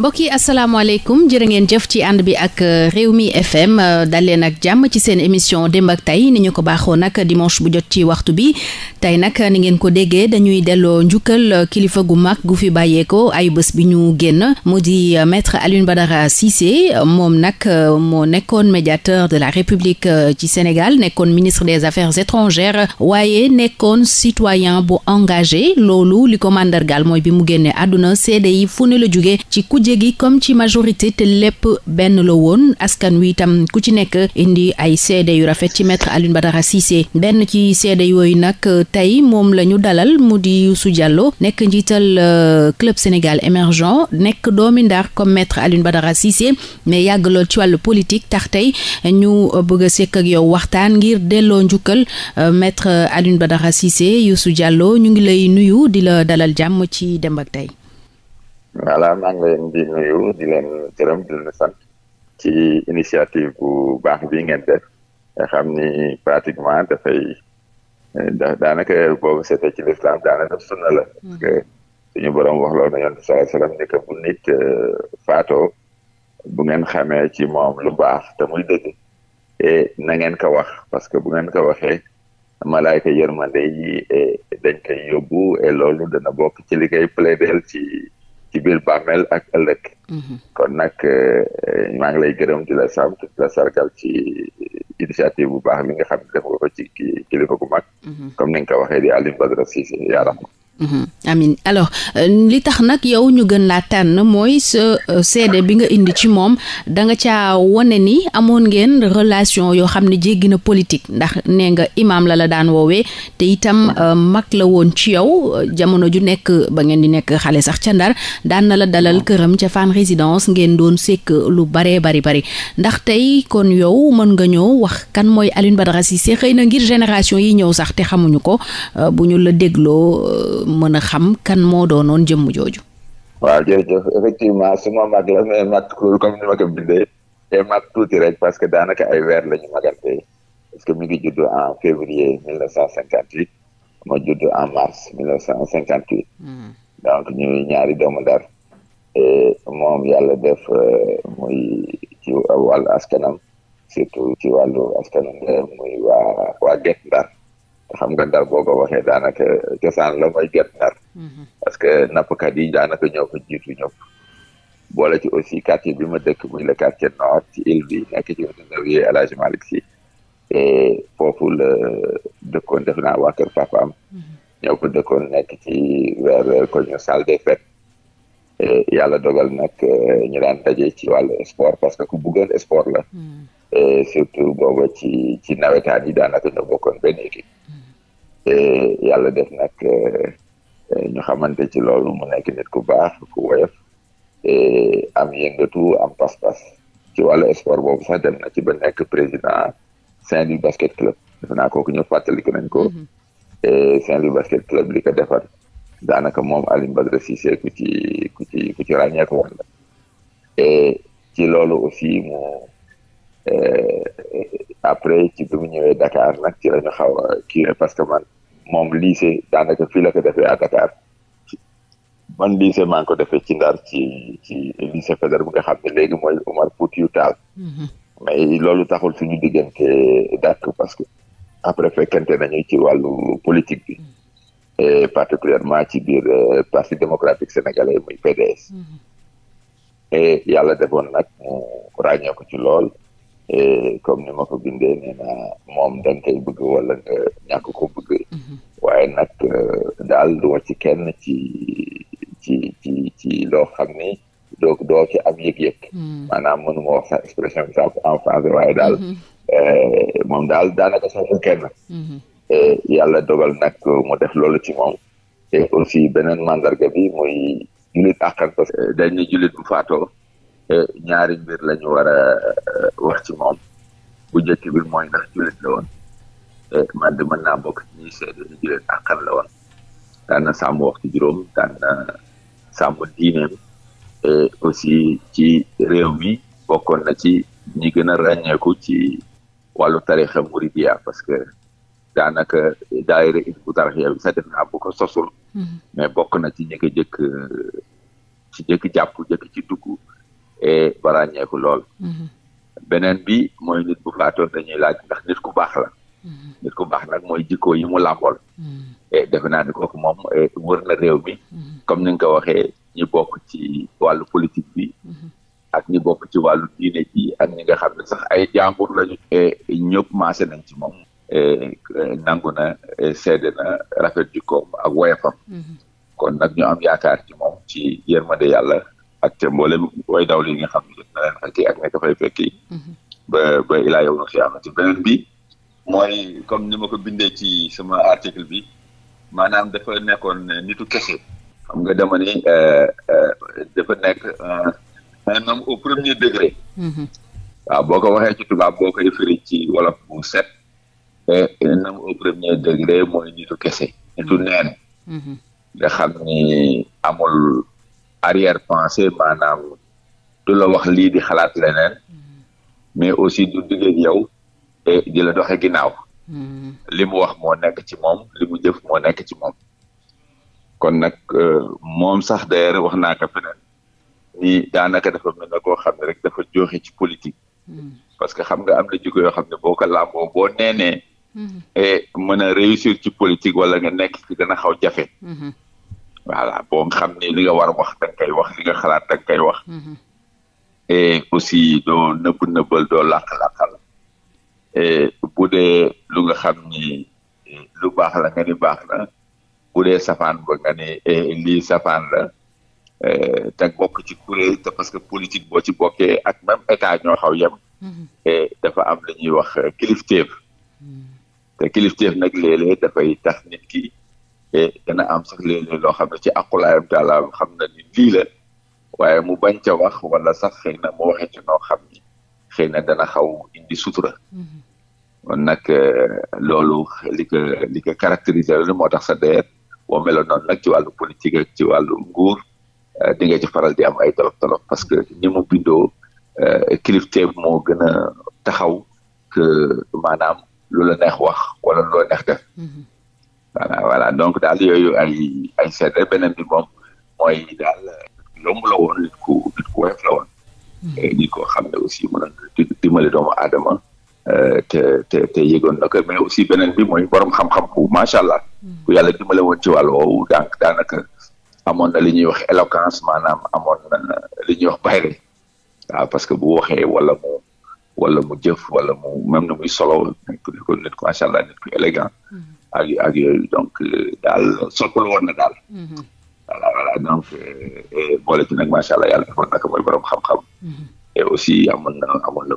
mbokk yi asalaamaaleykum jërë ngeen jëf ci ànd bi ak euh, réew mi FM euh, dal leen ak jàmm ci seen émission démb ak tey ni ñu ko baaxoo nag dimanche bu jot ci waxtu bi tey nag ni ngeen ko déggee dañuy delloo njukkal euh, kilifa gu mag gu fi bàyyeekoo ay bés bi ñu génn mu di maître Alioune Badara Cissé moom nag moo nekkoon médiateur de la République ci Sénégal nekkoon ministre des affaires étrangères waaye nekkoon citoyen bu engagé loolu li ko màndargaal mooy bi mu génnee àdduna seede yi la jugee mujje comme ci majorité te lépp benn la woon askan wi itam ku ci nekk indi ay seede yu rafet ci maître Alioune Badara Cissé benn ci seede yooyu nag tey moom la ñu dalal mu di Youssou Diallo nekk njiital euh, club Sénégal émergent nekk doomi Ndar comme maître Alioune Badara Cissé mais yàgg ci wàllu politique tax tey ñu euh, bëgg sekk ak yow waxtaan ngir delloo njukkal euh, maître Alioune Badara Cissé Youssou Diallo ñu ngi lay nuyu di la dalal jàmm ci dem ak Tay voilà maa ngi leen di nuyu di leen ci initiative bu baax bi ngeen def nga xam ni pratiquement dafay da daanaka boobu seetee ci l'islam daanaka sunna la parce que suñu borom wax na yonent sallallahu que euh, bu ngeen xamee ci moom lu baax te muy dëgg et na ngeen ko wax parce que bu ngeen ko waxee malaayka yërmande yi dañ koy yóbbu et loolu dana bokk ci li koy plaidel ci ci biir bàmmeel ak ëllëg. Mhm. kon nag eh, maa ngi lay gërëm di la sant di la sargal ci initiative bu baax mi nga xam ne def nga ko ci kilifa gu mag. Mhm. comme ni nga ko waxee di Alioune Badara Cissé yaa Mhm. amin alors euh, li tax nag yow ñu gën laa tànn mooy sa euh, seede bi nga indi ci moom da nga caa wane ni amoon ngeen relation yoo xam ne jéggi na politique ndax ne nga imaam la la daan woowee te itam euh, mag la woon ci yow jamono ju nekk ba ngeen di nekk xale sax ca ndar daan na la dalal këram ca Fann résidence ngeen doon sekk lu baree bari bari ndax tey kon yow mën nga ñëw wax kan mooy Alioune Badara Cissé xëy na ngir génération yi ñëw sax te xamuñu ko bu ñu la dégloo mën a xam kan moo doonoon jëmm jooju. waaw jërëjëf effectivement suma mag la mais mag ma ko bindee te mag tuuti rek parce que daanaka ay weer la ñu magante parce que mi ngi judd en février mille neuf cent cinquante huit ma judd en mars mille neuf cent cinquante huit hmm. donc ñuy ñaari doomu ndar moom yàlla def euh, muy ci wàllu askanam surtout ci wàllu askanam muy waa waa Guet xam nga ndar boo ko waxee daanaka cosaan la mooy gerte ndar. Mhm. parce que nappkat yi daanaka ñoo ko jiitu ñëpp. boole ci aussi quartier bi ma dëkk muy le quartier nord ci île bi nekk ci wetu la def naa waa kër papaam. ko mhm. dëkkoon nekk ci vers koñu salle des fêtes. Euh, ñu daan daje ci wàllu sport parce que ku bëggoon sport la. Mhm. surtout booba ci ci nawetaan yi bokkoon benn équipe. te eh, yàlla def nag eh, eh, ñu xamante ci loolu mu nekk nit ku baax ku woyof te am yëngatu am pas-pas ci wàllu sport boobu sax dem na ci ba nekk président Saint-Louis basket club defe naa kooku ñu fàttaliku nañ ko te mhm. Saint-Louis basket club li ko defar daanaka moom Alioune ku ci ku ci ku ci ràññeeku ci loolu aussi mu. après ci bi mu Dakar nag ci la ñu xaw a kii parce que man moom lycée daanaka fii la ko defee à Dakar man lycée maa ngi ko defee ci Ndar ci ci lycée Faidherbe bu xam ne léegi mooy Omar Foutiyou Tall mm-hmm. mais loolu taxul suñu diggante dàkk parce que après fekkente nañu ci wàllu politique bi mm-hmm. et particulièrement ci biir euh, parti démocratique sénégalais muy PDS mm-hmm. et yàlla defoon nag mu ràññee ko ci lool comme ni ma ko bindee nee naa moom da nga bëgg wala ko bëgg mhm. waaye nag euh, daal du ci kenn ci ci ci ci loo xam ni doo doo ci am yëg-yëg hmm. maanaam mënuma wax sax expression bi sax en français waaye daal mhm. euh, moom daal daanaka sax kenn mhm. euh, yàlla dogal nag mu def loolu ci moom te aussi beneen mandarga bi muy jullit àqan parce dañ ne jullit bu faatoo ñaari mbir la ñu war a euh, wax ci moom bu njëkk bi mooy ndax jullit la woon man de bokk ci ñuy ni jullit àqan la woon daan na sàmm waxtu juróom daan na sàmm diineem aussi ci réew mi bokkoon ci ñi gën a ci wàllu tarixa muridiya parce que daanaka daayira Hizbut Tarqiyyah bi sax def naa bu sosul mm-hmm. mais bokk ci ñi jëkk ci jëkk jàpp jëkk ci dugg et ba ràññeeku lool. Mhm. beneen bi mooy nit bu faatoo dañuy laaj ndax nit ku baax la. Mhm. nit ku baax nag mooy jikko yi mu làmbool. Mhm. et naa ni kooku moom e, wër na réew mi. comme ni nga ko waxee ñi bokk ci wàllu politique bi. ak ñi ci wàllu diine ji ak ñi nga xam sax ay jàmbur lañu. E, ñëpp maase nañ ci moom. E, nangu na na rafet jikkoom ak woyafam. kon nag ñu am yaakaar ci moom ci yërmande yàlla. ak ca mboolem way daw a nga xam ne jot na leen fekki ak ña fekki. ba ba ilaa yow na xiyaamati beneen bi mooy comme ni ma binde ci sama article bi maanaam dafa nekkoon nitu kese xam nga dama ni euh, euh, dafa nekk euh, un homme au premier degré. Mhm. waaw boo ko waxee ci tubaab boo koy firi ci wolof bu set un homme premier degré mooy nitu kese nitu neen mhm. nga xam ni amul arrière pensée maanaam du la wax lii di xalaat leneen mais aussi du digéeg yow et di la doxe ginnaaw li mu wax moo nekk ci moom li mu jëf moo nekk ci moom kon nag euh, moom sax d'ailleurs wax naa ko ni daanaka dafa mel na koo xam ne rek dafa joxe ci politique parce que xam nga am na jikko yoo xam ne boo ko làmboo boo neenee et mm-hmm. eh, mën réussir ci politique wala nga nekk ci dana xaw jafe voilà boo xam li nga war a wax da nga wax li nga xalaat koy wax. Mm-hmm. et aussi doo nëbb nëbbal doo làq-làqal. et bu lu nga xam ni lu baax la nga ni baax na bu dee safaan ba nga ni lii safaan la. te bokk ci kuréel te parce que politique boo ci bokkee ak même état ñoo xaw yem. Mm-hmm. dafa am lu ñuy wax kilifteef. Mm-hmm. te kilifteef nag léeg dafay tax nit ki. te dana am sax léeg-léeg loo xam ne ci aqulaayam taala xam na ni lii la waaye mu bañ ca wax wala sax xëy na mu waxee ci noo xam ni xëy na dana xaw indi sutura mm-hmm. kon nag euh, loolu li ko li ko moo tax sa deer melo meloon noonu ci wàllu politique ak ci wàllu nguur euh, di ci faral di am ay tolof tolof parce que ni mu bindoo euh, kilifteef moo gën a taxaw que maanaam lu la neex wax wala lu la neex def mm-hmm. voilà voilà donc daal yooyu ay ay seede beneen bi moom mooy daal yomb la woon nit ku nit ku woyof la woon. Hmm. nit koo xam ne aussi mën na dimbali doomu aadama. Euh, te te te yëgoon na ko mais aussi beneen bi mooy borom xam-xam bu allah. Hmm. ku yàlla dimbale woon ci wàllu woowu donc daanaka amoon na li ñuy wax éloquence maanaam amoon li ñuy wax bayre waaw parce que bu waxee wala mu wala mu jëf wala mu même na muy solo nit ku macha allah nit ku élégant. Hmm. ak ak yooyu donc euh, daal soppal woon na daal. a mhm. voilà donc euh, boole ci nag macha allah yàlla defoon naka mooy xam-xam. Mhm. et aussi amoon na amoon na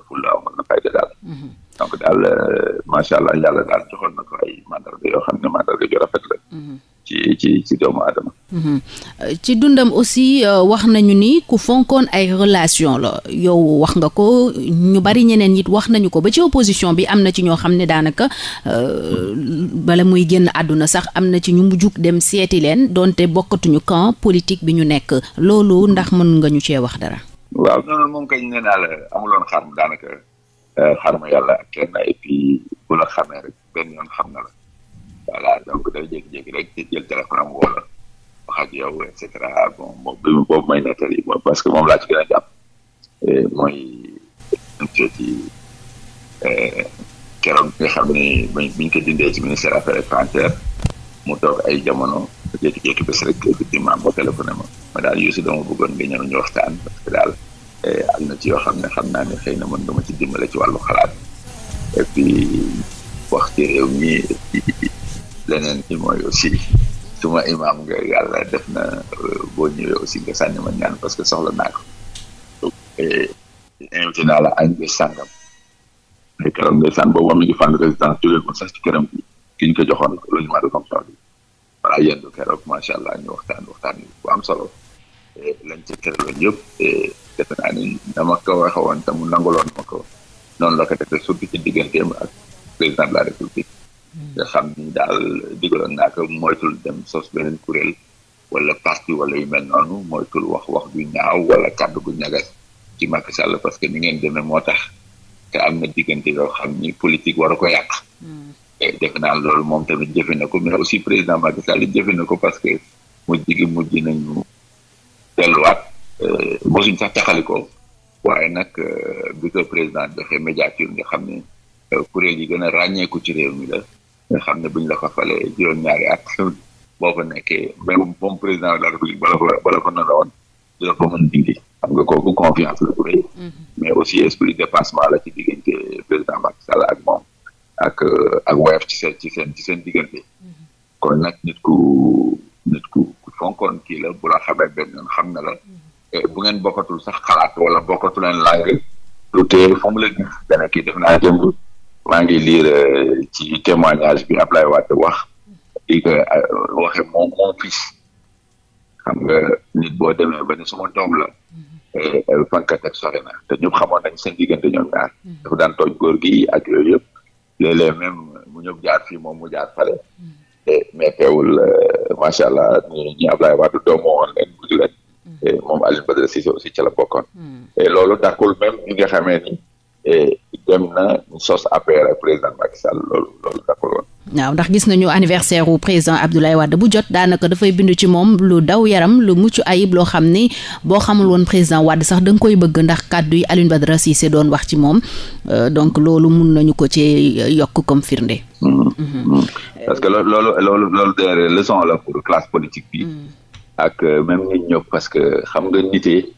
na fayda daal. Mhm. donc daal euh, macha allah daal joxoon na ko ay mandarga yoo xam ne mandarga yu ci doomu aadama. Mhm. ci dundam aussi euh, wax nañu ni ku fonkoon ay relation la yow wax nga ko ñu bari ñeneen it wax nañu ko ba ci opposition bi am na ci ñoo xam ne daanaka euh, bala muy génn àdduna sax am na ci ñu mu dem seeti leen donte bokkatuñu camp politique bi ñu nekk loolu ndax mën nga ñu cee wax dara. waaw noonu moom kañ nee naa la amuloon xarm daanaka euh, xarma yàlla kenn bu la xamee rek benn yoon xam na la. voilà donc day jékki-jékki rek ci jël téléphone am woo la wax ak yow et cetera bon moom bi boobu may nettali parce que moom laa ci gën a jàpp mooy ci euh, euh, keroog bi nga xam ne ko dindee ci ministère affaires étrangères mu toog ay jamono jékki-jékki bés rek effectivement boo téléphoné ma daal daal Youssou dama bëggoon nga ñëw ñu waxtaan parce que daal euh, am na ci yoo xam ne xam naa ne xëy na mën nga ma ci dimbale ci wàllu xalaat et puis wax ci réew leneen bi mooy aussi suma imaam nga yàlla def na euh, boo ñëwee aussi nga sànni ma ñaan parce que soxla naa ko invité naa la añ bés sàngam ay këram ndeysaan boobu am nañu fànn résidence jógee ko sax ci këram bi ki ñu ko joxoon logement de fonction bi voilà yendu keroog macha allah ñu waxtaan waxtaan bu am solo lañ ci këraloon yëpp defe naa ni dama ko waxee woon te mu nanguloon ma ko noonu la ko defee surtout ak président de la république nga xam ni daal digaloon naa ko moytul dem sos beneen kuréel wala parti wala yu mel noonu moytul wax wax du ñaaw wala kàddu gu ñagas ci Macky Sall parce que ni ngeen demee moo tax te am na diggante yoo xam ni politique war a ko yàq. Hmm. defe naa loolu moom tamit jëfe na ko mais aussi président Macky Sall jëfe na ko parce que mujj gi mujj nañu delluwaat euh, mosuñ sax taxali ko waaye nag euh, bi ko président joxe médiature nga xam ne euh, kuréel yi gën a ràññeeku ci réew mi la nga xam ne buñ la ko falee juróom-ñaari at boo fa nekkee même moom président de la république bala ko bala ko na woon dina ko mën dindi xam nga kooku confiance la bu rëy mhm. mais aussi esprit dépassement la ci diggante président Macky Sall ak moom ak euh, ak woyof ci seen ci seen ci seen diggante mhm. kon nag nit ku nit ku ku fonkoon kii la bu la xamee benn yoon xam na la mhm. bu ngeen bokkatul sax xalaat wala bokkatuleen laaj rek lu tee fa mu la gis dana kii def naa maa ngi lire euh, ci témoignage bi Ablaye Wade wax di euh, waxe mon mon xam nga nit boo demee ba ne sama doom la euh, fankat ak sore na te ñëpp xamoon nañ seen diggante ñoom ñaar dafa daan tooñ góor gi ak yooyu yëpp léeg-léeg mu ñëw jaar fii moom mu jaar fale mais teewul macha allah ñu ñu Ablaye Wade doomoo woon leen bëgg leen moom Alioune Badara aussi ca la bokkoon loolu dàqul nga xamee ni et dem na sos affaire ak président Macky Sall loolu loolu waaw ndax gis nañu anniversaire wu président Abdoulaye Wade bu jot daanaka dafay bind ci moom lu daw yaram lu mucc ayib loo xam ni boo xamul woon président Wade sax danga koy bëgg ndax kàddu yi Alioune Badara Cissé doon wax ci moom euh, donc loolu mun nañu ko ci yokk comme firnde. Mm-hmm. Mm-hmm. parce que loolu loolu loolu de la pour classe politique bi. Mm. ak euh, même nit ñëpp parce que xam nga nité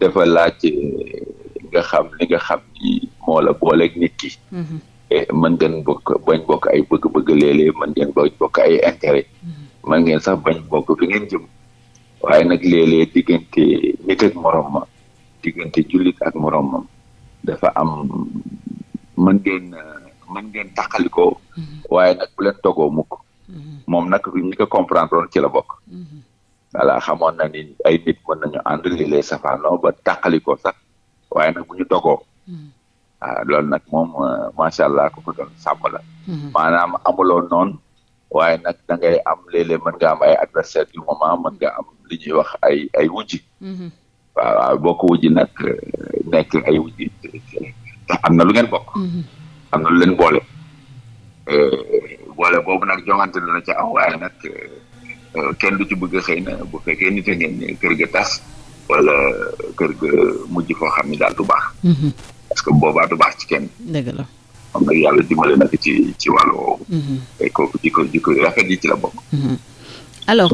dafa laaj. Euh, nga xam li nga xam ni moo la booleeg nit ki. Mhm. Eh, mën ngeen bañ bokk ay bëgg-bëgg léeg-léeg mën ngeen bañ bokk ay intérêt mhm. mën ngeen sax bañ bokk fi ngeen jëm waaye nag léeg-léeg diggante nit ak morom ma diggante jullit ak moromam dafa am mën ngeen mën ngeen tàqalikoo mhm. ko comprendre woon ci la bokk voilà xamoon na ni ay nit mën nañu ànd léeg-léeg safaanoo ba tàqalikoo sax waaye nag bu ñu dogoo hmm. ah loolu nag moom euh, macha allah ku ko doon sàmm la hmm. maanaam noon noonu waaye nag da ngay am léeg-léeg mën nga am ay adversaire du moment mën nga am li ñuy wax ay ay wujji hmm. waaw waaw boo euh, ko am na lu ngeen bokk am na lu leen boole euh, boole boobu nag joŋante dana ca am waaye nag kenn du ci bëgg xëy na bu fekkee nit a ngeen kër ga tas wala kër ga mujj foo xam ni daal du baax. Mhm. parce boobaa du baax ci kenn. dëgg la. moom nag yàlla dimbale na ci ci woowu. Mhm. te kooku di ko di rafet ci la bokk. Mhm. alors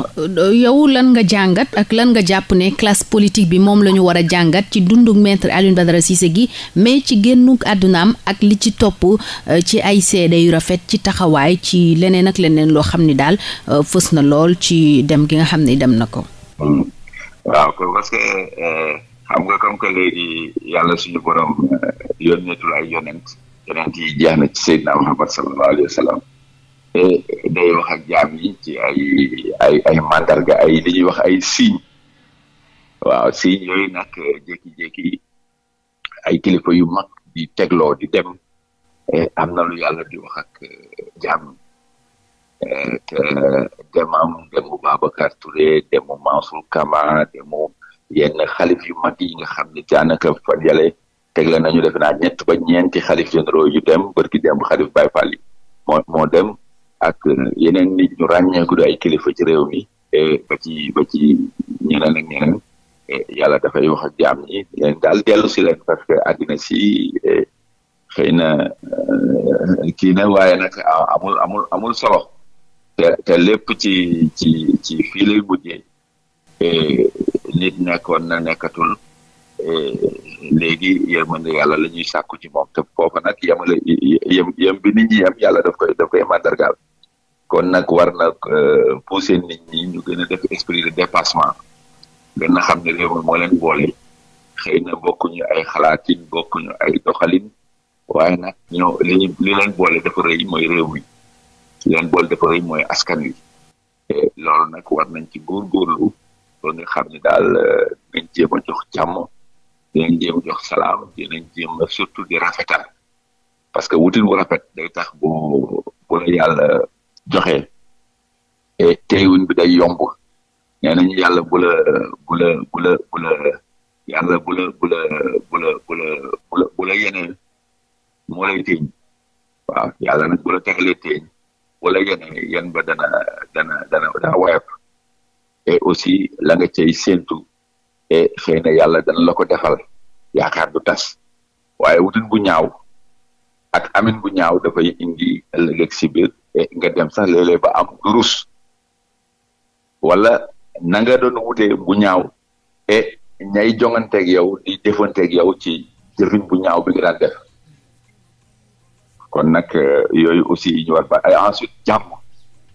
yow lan nga jàngat ak lan nga jàpp ne classe politique bi moom la ñu war a jàngat ci dundu maître Alioune Badara gi mais ci génnu àddunaam ak li ci topp euh, ci ay seede yu rafet ci taxawaay ci leneen ak leneen loo xam ni daal euh, fës na lool ci dem gi nga xam ni dem na ko. Hmm. waaw parce que eh, xam nga comme que léegi yàlla suñu borom eh, yónneetul ay yonent yonent yi jeex na ci Seydina Muhammad sallallahu alayhi wa sallam eh, day wax ak jaam ay ay ay ay li ñuy wax ay signes waaw signes yooyu nag jékki-jékki ay kilifa yu mag di tegloo di dem am na lu yàlla di wax ak jaam te demam demu Babacar Touré demu Mansour Kama demu yenn xalif yu mag yi nga xam ne daanaka fan yale tegle nañu defe naa ñett ba ñeenti xalif généraux yu dem barki dem xalif Baye Fall yi moo dem ak yeneen nit ñu ràññeeku ay kilifa ci réew mi eh, ba ci ba ci ñeneen ak ñeneen eh, yàlla dafay jaam ñi daal dellu si parce que àddina si eh, xëy na kii na waaye nag ah, amul amul amul solo te te lépp ci ci ci fii lay mujjee nit nekkoon na nekkatul eh, léegi yërmande yàlla la ñuy sàkku ci moom te foofa nag yemale yem yem bi nit ñi yem yàlla daf koy daf koy kon nag war na eh, pousser nit ñi ñu gën def esprit de dépassement gën xam ne réew mi moo leen boole xëy na bokkuñu ay xalaatin bokkuñu ay doxalin waaye nag ñoo li ñu li leen boole mi leen bool dafa rëy mooy askan wi te loolu nag war nañ ci góorgóorlu ba nga xam ne daal euh, dinañ jéem a jox jàmm dinañ jéem a jox salaam dinañ jéem a surtout di parce que wutin bu rafet day tax bu bu la yàlla joxe teewin bi day yomb nee nañu yàlla bu la bu la bu la bu la yàlla bu lay téeñ nag bu wala yenn yenn ba dana dana dana dana woyof aussi la nga cay séentu et xëy na yàlla dana la ko defal yaakaar du tas waaye wutin bu ñaaw ak amin bu ñaaw dafay indi ëllëg si biir nga dem sax léeg ba am durus wala na nga doon bu ñaaw et ñay jonganteeg yow di jëfanteeg yow ci jëfin bu ñaaw bi daan def kon nag euh, yooyu aussi ñu war fa ay ensuite jàmm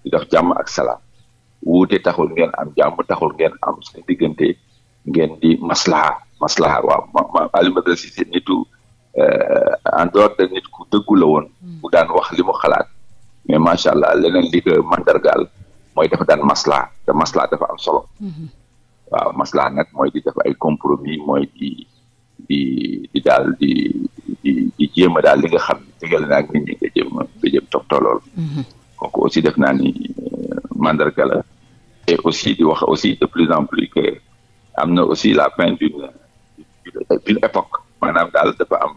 di dox jàmm ak salaam taxul ngeen am jàmm taxul ngeen am seen diggante ngeen di maslaha maslaha waaw ma Alioune Cissé nitu euh, en dehors de nit ku dëggu la woon bu hmm. daan wax li mu xalaat mais macha allah leneen li ko mandargaal mooy dafa daan am solo hmm. waaw maslaha nag mooy di def ay compromis mooy di di di daal di daal li nga xam ne tegale naa ak nit ñi nga jéem a nga mm-hmm. aussi def naa ni euh, mandarga la. et aussi de plus en plus que am aussi la fin d'une époque maanaam daal dafa am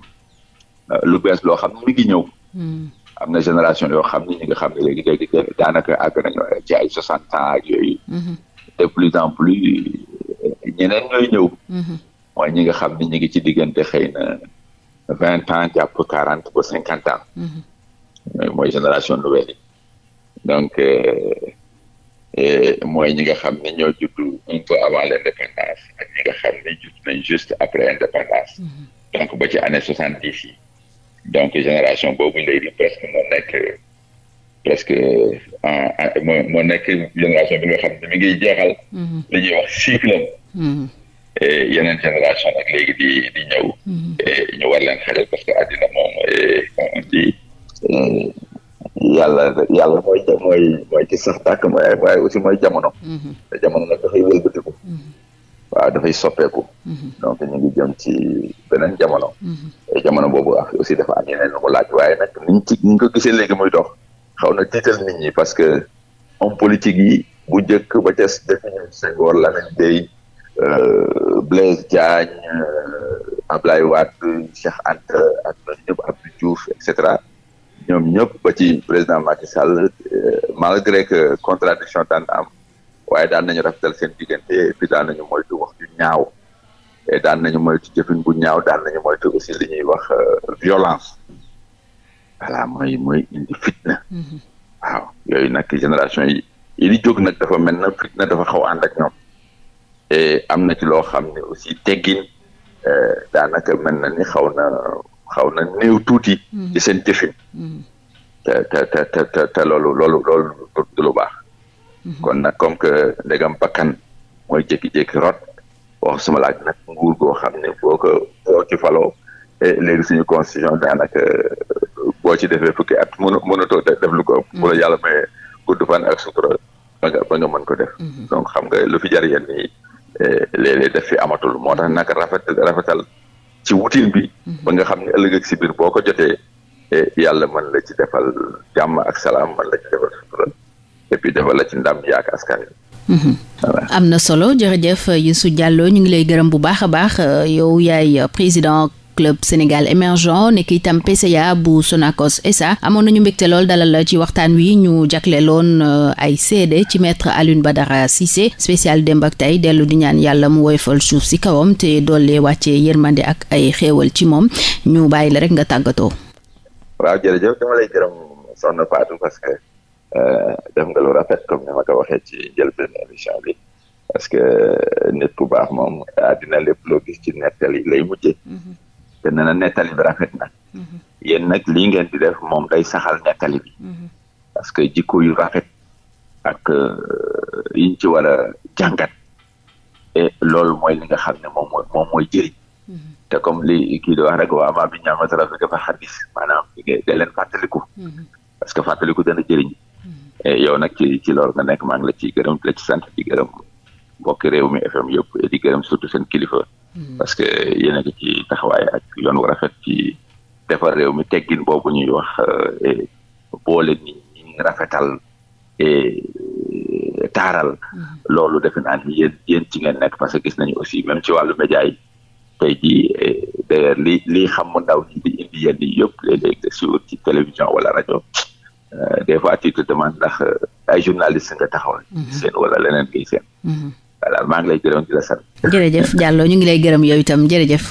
euh, lu bees loo xam ne mi ngi ñëw. Mm-hmm. na génération yoo xam ne ñi nga xam ne léegi léegi daanaka àgg nañu ci soixante ans ak yooyu. Mm-hmm. de plus en plus euh, ñeneen ñooy ñëw. mooy ñi nga xam ne ñu ngi ci diggante xëy na vingt ans jàpp quarante ba cinquante ans mhm. mooy génération nouvelle yi donc euh, euh, mooy ñi nga xam ne ñoo juddu un peu avant l'indépendance ak ñi nga xam ne judd nañ juste après indépendance mhm. donc ba ci année soixante dix yi donc génération boobu léegi presque moo nekk presque euh, moo nekk génération bi nga xam ne mi ngi jeexal mhm. li ñuy wax cycle yeneen eh, génération nag léegi di di ñëw mhm. eh, ñu war leen parce que àddina moom eh, di mooy mooy ci sax tàkk waaye aussi mooy jamono mhm. te jamono nag dafay wëlbatiku mhm. waaw dafay soppeeku donc ñu ngi jëm ci beneen jamono jamono boobu ak aussi dafa am yeneen lu mu laaj waaye nag niñ ko gisee léegi muy dox xaw na tiital nit ñi parce que homme politique yi bu njëkk ba ca def ñu Senghor Lamine Gueye euh, Blaise Diagne euh, Ablaye Wade Cheikh Anta ak ñoom ñëpp Abdou Diouf et ñoom ñëpp ba ci président Macky Sall euh, malgré que contradiction daan am waaye daan nañu rafetal seen diggante et puis daan nañu moytu wax ju ñaaw daan nañu moytu jëfin bu ñaaw daan nañu moytu aussi li wax euh, violence voilà mooy mooy fitna mm-hmm. waaw yooyu nag génération yi yi di nag dafa mel na fitna dafa xaw ànd ak ñoom. et eh, am na ci loo xam ne aussi teggin eh, daanaka mel na ni xaw na xaw na néew tuuti. Hmm. ci seen jëfin. Hmm. te loolu loolu loolu du hmm. kon nag comme que ndegam bakkan mooy jékki-jékki wax suma laaj nag nguur goo xam ne boo ko boo ci faloo eh, léegi suñu constitution daanaka boo ci defee fukki at mënu mënatoo def lu ko bu la yàlla may gudd sutura ba nga mën ko def donc xam nga lu fi Euh, léeg-léeg daf fi amatul moo tax nag rafet rafetal ci wutin bi mhm. ba nga xam ne ëllëg ak si biir boo ko jotee eh, yàlla man la ci defal jàmm ak salaam mën la ci defal sutura et puis defal la ci ndam yaak askan wi mhm. am na solo jërëjëf Youssou Diallo ñu ngi lay gërëm bu baax a baax euh, yow yaay président club Sénégal émergent nekk itam PCA bu Sonacos SA amoon nañu mbégte lool dalal ci waxtaan wi ñu jagleloon euh, ay seede ci maître ba Badara Cissé spécial démb ak tey dellu di ñaan yàlla mu woyfal suuf si kawam te doole wàccee yërmande ak ay xéewal ci moom ñu bàyyi la rek nga tàggatoo. waaw jërëjëf dama lay gërëm soxna Fatou parce que euh, def nga lu rafet comme ni ma waxee ci njëlbéen émission bi parce que nit ku baax moom àddina lépp loo gis ci nettali te nee na nettali rafet na mhm. yéen nag lii ngeen di def moom day saxal nettali mhm. parce que jikko yu rafet ak euh, yiñ ci war a jàngat et loolu mooy li nga xam ne moom mooy moom mooy mhm. te comme li kii di wax rek waa maa bi ñaamatara bi dafa xadis maanaam da leen fàttaliku parce que fàttaliku dana jëriñ yow nag ci ci loolu nga nekk maa ngi la ciy gërëm la ci sant di gërëm réew mi FM yëpp di gërëm surtout seen kilifa Mm. parce que yéen a ci taxawaay ak yoon wu rafet ci defar réew mi teggin boobu ñuy wax euh, boole nit rafetal et euh, taaral. Mm-hmm. loolu defe naa ni yéen yéen ci ngeen nekk parce que gis nañu aussi même ci wàllu média yi tey jii d'ailleurs li lii xam mu ndaw ñi di indi yenn yi yëpp léeg wala rajo euh, des fois tu te demandes ndax ay journaliste nga taxaw. Mm-hmm. seen wala leneen ngay seen. Mm-hmm. voilà maa ngi lay gërëm jërëjëf Diallo ñu ngi lay gërëm yooyu itam jërëjëf.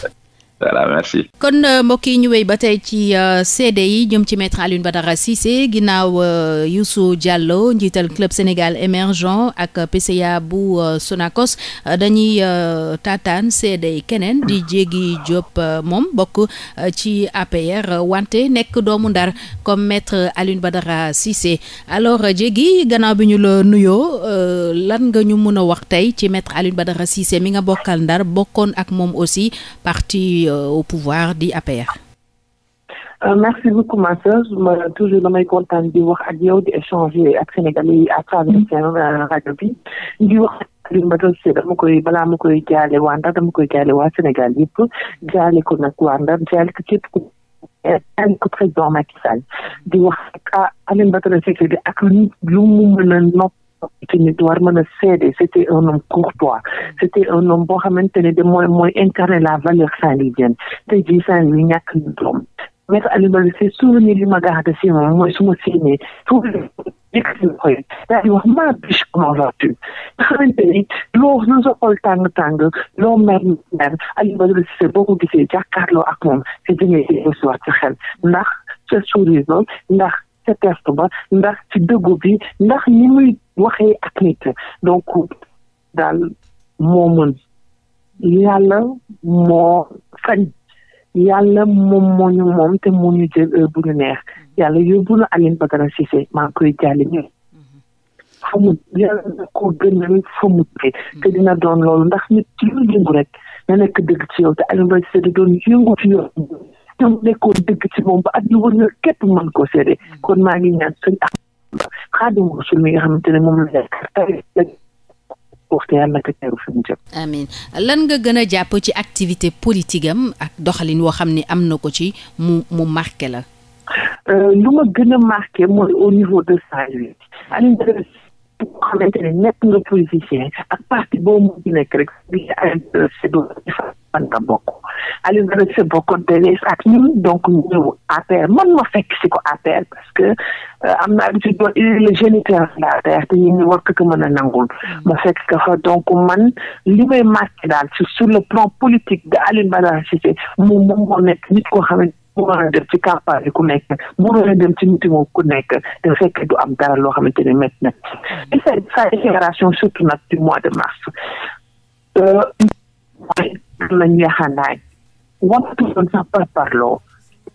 kon euh, mbokk yi ñu wéy ba tey ci CD euh, yi jëm ci maître ba dara Cissé ginnaaw euh, Youssou Diallo njiital club Sénégal émergent ak psa bu Sonacos dañuy taataan CD keneen di Diégui Diop moom bokk ci APR wante nekk doomu Ndar comme maître ba dara Cissé alors Diégui gannaaw bi ñu la nuyoo lan nga ñu mun a wax tey ci maître ba dara Cissé mi nga bokkal Ndar bokkoon ak moom aussi parti. parti euh, au pouvoir di APR. Euh, merci beaucoup ma soeur ma toujours damay kontaan mm-hmm. euh, di wax ak yow di échanger ak Sénégalais yi à travers seen bi di wax Alioune Badara Cissé dama koy m ma koy jaale waa Ndar m koy jaale waa Sénégal yëpp jaale ko nag waa Ndar jaale ko képp ku eh, jaale ko président Macky Sall di wax ak ah, Alioune Badara Cissé di ak lu mu mën a Tini war mën a seede c'était un homme courtois c'était un homme boo xamante ne de mooy mooy incarner la valeur saint-louisienne tey jii Saint-Louis ñàkk na doom maître Alioune Baldé c'est souvenir li ma gaaxate si moom mooy su ma séenee souvenir yëkkati koy daal di wax ma biche comment vas-tu nga xamante ni loo lu sa xol tàng-tàng loo mer mer Alioune Baldé c'est boo ko gisee jàkkaarloo ak moom c'est dingay recevoir sa xel ndax sa sourire ba ndax sa ba ndax dëggu bi ndax ni muy waxee ak nit donc daal moo mën yàlla moo sañ yàlla moom moo ñu moom te moo ñu jël bu ñu neex yàlla yóbbu na Alioune Badara Cissé maa ngi koy jàlli ñu fa mu yàlla na ko gënal fa te dina doon loolu ndax nit ci lu yëngu rek na nekk dëgg ci yow te Alioune Badara Cissé da doon yëngu ci yow te mu nekkoon dëgg ci moom ba at yu wër na képp mën koo seede mm-hmm. kon maa ngi ñaan sëñ xaadimu mi nga xamante ne moom la yaakaar lan nga gën a jàpp ci activité politique ak doxalin woo xam ni am na ko ci mu mu marqué la euh, lu ma gën a marqué mooy au niveau de Saint-Louis boo xamante ne nekk nga politicien ak parti boo mu ci nekk rek bii Alioune man nga bokk Alioune Badara Cissé bokkoon PDS ak ñun donc ñu ñëw APR man ma fekk si ko APR parce que am na habitude doon il est le géniteur de l'APR te ñun ñu war ko mën a nangul ma fekk ka fa donc man li may marqué daal sur le plan politique de Alioune Badara Cissé moom moom moo nekk nit koo xamante mënoo dem ci campagne ku nekk mënoo dem ci meeting ku nekk te fekk du am dara loo xamante ni métti na ci sa génération surtout nag du mois de mars euh, mooy nañu yaxanaay wamatu doon sax par parloo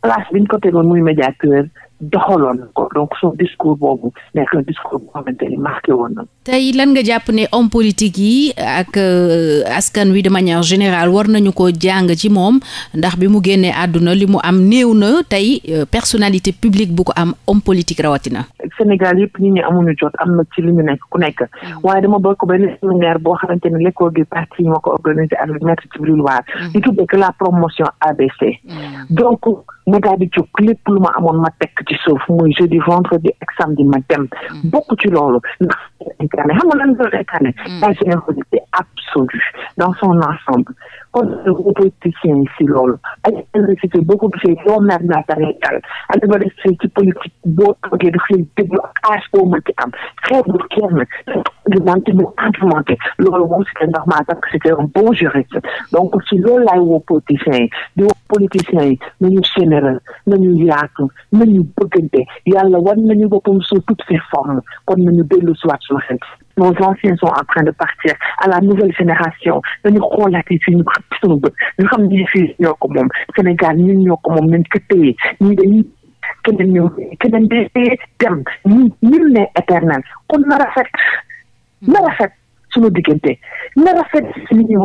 place biñ ko tegoon muy médiateur doxaloon na ko donc son discours boobu nekk discours bu xamante ni marqué woon na. tey lan nga jàpp ne homme politique yi ak euh, askan wi de manière générale war nañu ko jàng ci moom ndax bi mu génnee àdduna li mu am néew na tey euh, personalité publique bu ko am homme politique rawatina. Sénégal yëpp nit ñi amuñu jot am na ci li ñu nekk ku nekk mm. waaye dama bokk benn séminaire boo xamante ni l'école du parti moo ko organisé avec maître Djibril War. ñu mm. tuddee que la promotion ma daal di jóg lépp lu ma amoon ma tekk ci suuf muy jeudi vendredi ak samedi ma dem mm. bokk ci loolu ndax la xam nga lan doon incarné mm. la générosité dans son ensemble contre opposition yi si loolu ay université boo ko gisee yoo mer naa da ngay dal université ci politique boo toogee daf lay déglu âge boo mënti am xeeblu kenn argumenté ñu argumenté loolu moom c'était normal parce que c'était un bon juriste donc si loolu laay woo politiciens yi di woo politiciens yi nañu général nañu yaatu nañu bëggante yàlla wan nañu boppam sous toutes ses formes kon nañu dellu siwaat suñu xel nos anciens sont en train de partir à la nouvelle génération dañu xoolaati suñu suñu bët ñu xam ni fii ñoo ko moom Sénégal ñun ñoo ko moom nañ ko téye ñii dañuy keneen ñëw keneen day téye dem ñi ne éternel kon na rafet na rafet suñu diggante na rafet suñu ñëw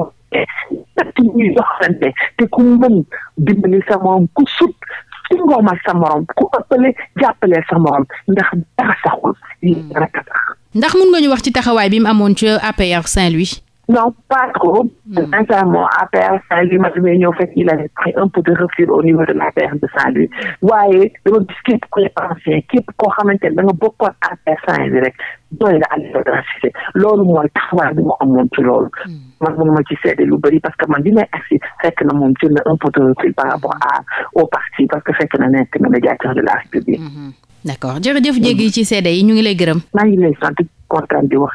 natti ñuy doxalante te ku mën dimbali sa moom ku sut su ngoomal sa morom ku ëppale jàppale sa morom ndax dara saxul yi rek a tax ndax mun nga ñu wax ci taxawaay bi mu amoon ci APR Saint-Louis. non pas trop. Hmm. sincèrement APR Saint-Louis ma demee ñëw fekk la avait pris un peu de recul au niveau de l'APR de Saint-Louis waaye dama gis képp kuy ancien képp koo xamante ne da nga bokkoon APR Saint-Louis rek doy na Aliou Badara Cissé loolu mooy taxawaay bi mu amoon ci loolu. Hmm. man moom ci seede lu bëri parce que man li may agsi fekk na moom jël na un peu de recul par rapport à parti parce que fekk na nekk na médiateur de la République. Hmm. d'accord jërëjëf Diegui mm. ci seede yi ñu ngi lay gërëm. maa ngi lay di wax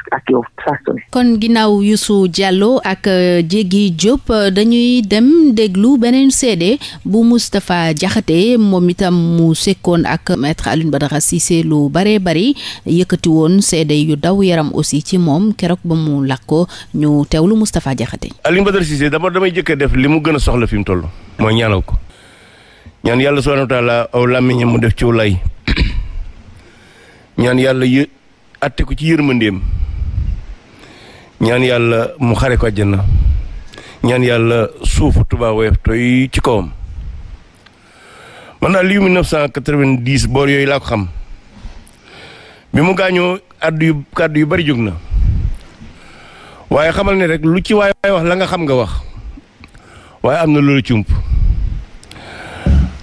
kon ginnaaw Youssou jàlloo ak euh, Diegui Diop euh, dañuy dem déglu beneen seede bu mustafa jaxate moom itam mu sekkoon ak maître Alioune Badara Cissé lu bare bari yëkkati woon seede yu daw yaram aussi ci moom keroog ba mu làkkoo ñu lu Moustapha Diakhaté. Alioune Badara Cissé dama damay jëkk a def li mu gën soxla fi mu toll. mooy ñaanal ko ñaan yàlla subhanahu wa aw làmmiñam mu def ci lay ñaan yàlla yë atte ko ci yërmandeem ñaan yàlla mu xare ko na ñaan yàlla suufu Tuubaa ci kawam man naa lii 1990 boor yooyu laa ko xam bi mu gaañoo addu yu kàddu yu bari jóg na waaye xamal ni rek lu ci waay wax la nga xam nga wax waaye am na loolu cump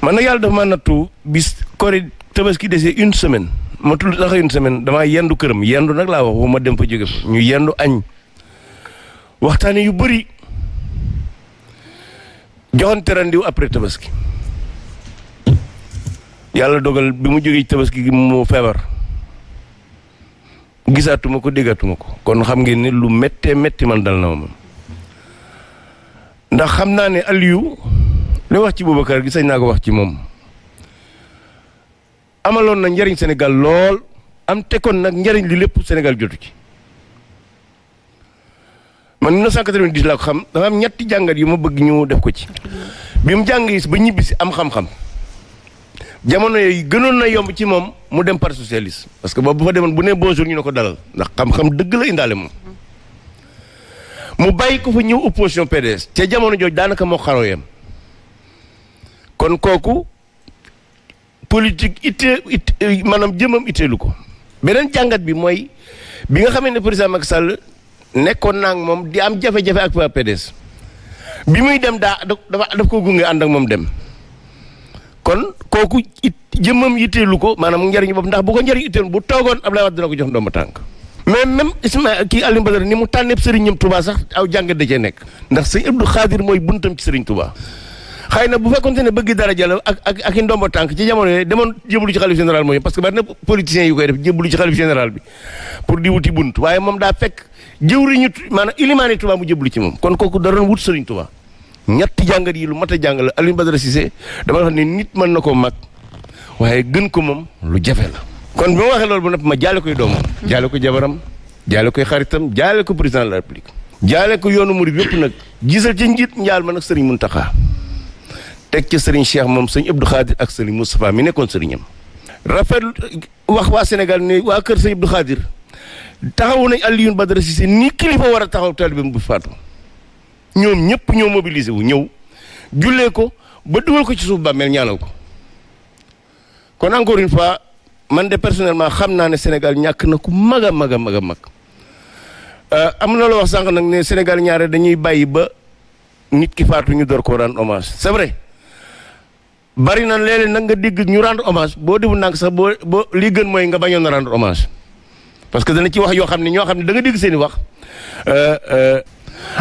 man na yàlla dafa ma nattu bis kori tabaski dese une semaine ma tudd sax une semaine damaa yendu këram yendu nag laa wax bu ma dem fa jóge ñu yendu añ waxtaane yu bari joxante randiw après tabaski yàlla dogal bi mu jógee tabaski gi mu feebar gisaatuma ko déggatuma ko kon xam ngeen ne lu méttee metti man dal na moom ndax xam naa ne Aliou li wax ci Boubacar gi sañ naa ko wax ci moom amaloon na njariñ Sénégal lool am te kon nag njariñ li lépp Sénégal jotu ci man 1990 laa ko xam am ñetti jàngat yi ma bëgg ñu def ko ci bi mu jàng ba ñibbisi am xam-xam jamono yooyu gënoon na yomb ci moom mu dem parti socialiste parce que boobu bu fa demoon bu nee bonjour ñu ne ko dalal ndax xam-xam dëgg la indaale moom mu bàyyi ko fa ñëw opposition PDS te jamono jooju daanaka moo xaroo yem kon kooku politique ittee it maanaam jëmam iteelu ko beneen jàngat bi mooy bi nga xamee ne président mag Sall nekkoon naa moom di am jafe-jafe ak waa PDS bi muy dem daa dafa daf ko gunge ànd ak moom dem kon kooku it jëmmam iteelu ko maanaam njariñ bopp ndax bu ko njariñ itteelu bu toogoon Abdoulaye Wade dina ko jox ndomba tànk mais même Ismaïla kii Alioune Badara ni mu tànneeb Serigne ñëm tubaa sax aw jàngat da cee nekk ndax sëñ Abdou Khadir mooy buntam ci Serigne Touba xay na bu fekkonte ne bëgg dara jël ak ak ak i ndombo tànk ci jamono yooyu demoon jébbalu ci xalif général mooy parce que bari na politiciens yu koy def jébbalu ci xalif général bi pour di wuti bunt waaye moom daa fekk jëwriñu maanaam ilimaani Tuubaa mu jébbalu ci moom kon kooku dara daroon wut Sëriñ Tuubaa ñetti jàngat yi lu mat a jàng la Alioune Badara Cissé dama wax ne nit man na koo mag waaye gën ko moom lu jafe la kon bi ma waxee loolu ba noppi ma jaale koy do jaale ko jabaram jaale koy xaritam jaale ko président de la jaale ko yoonu murid yépp nag gisal ci njiit njaal ma nag Sëriñ Muntaxa teg ci sëriñ Cheikh moom sëñ Abdou Khadir ak sëriñ Moustapha mi nekkoon sëriñam rafet wax waa Sénégal ne waa kër sëñ Abdou Khadir taxawu nañ Alioune Badara Cissé ni kilifa war a taxaw taalibeem bu faatu ñoom ñëpp ñoo mobilisé wu ñëw jullee ko ba dugal ko ci suuf bàmmeel ñaanal ko kon encore une man de personnellement xam naa ne Sénégal ñàkk na ku mag mag mag mag euh, am na la sànq nag ne Sénégal ñaare dañuy bàyyi ba nit ki faatu ñu door ko rendre hommage c'est bari na léeg-léeg nga digg ñu rendre hommage boo deful nag sax boo boo lii gën mooy nga bañoon a rendre hommage parce que dana ci wax yoo xam ne ñoo xam ne da nga digg seen i wax. Euh, euh,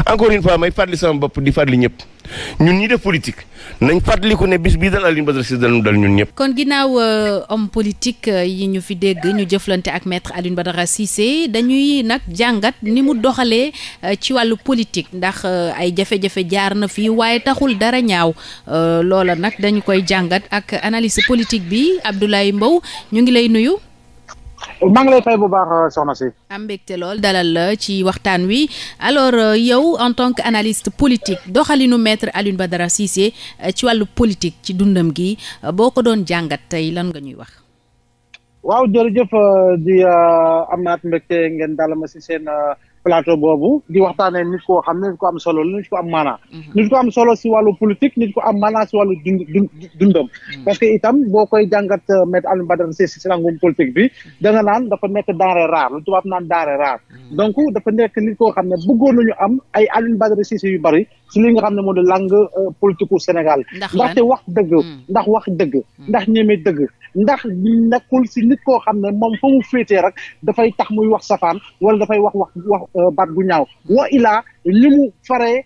encore une fois may fàttali sama bopp di fàttali ñëpp ñun ñi def politique nañ fàttaliku ne bis bii dal Alioune Badara Cissé ñu dal ñun ñëpp. kon ginnaaw euh, homme politique euh, yi ñu fi dégg ñu jëflante ak maître Alioune Badara Cissé dañuy nag jàngat ni mu doxalee euh, ci wàllu politique ndax ay jafe-jafe jaar na fii waaye taxul dara ñaaw loola nag dañu koy jàngat ak analyse politique bi Abdoulaye Mbow ñu ngi lay nuyu. maa ngi lay fay bu baax euh, soxna si. am mbégte lool dalal la ci waxtaan wi alors euh, yow en tant que analyste politique doxalinu maître Alioune Badara Cissé euh, ci wàllu politique ci dundam gi boo ko doon jàngat tey lan nga ñuy wax. waaw jërëjëf di am naat mbégte ngeen dalal si seen. plateau boobu di waxtaanee nit koo xam ne nit ko am solo la nit ko am maanaa mhm. nit ko am solo si wàllu politique nit ko am maanaa si wàllu dund dundam mhm. parce que itam boo koy jàngat euh, maître Alioune Badara Cissé si rangum politique bi mhm. da nga naan dafa nekk denrée rare lu tubaab naan denrée rare donc dafa nekk nit koo xam ne bëggoon ñu am ay Alioune Badara Cissé yu bari ci li nga xam ne moo di langue euh, politique u Sénégal ndaxte wax dëgg hmm. ndax wax dëgg hmm. ndax ñeme dëgg ndax nekkul si nit koo xam ne moom fa mu féetee rek dafay tax muy wax safaan wala dafay wax wax wax euh, baat bu ñaaw hmm. woo ilaa li mu faree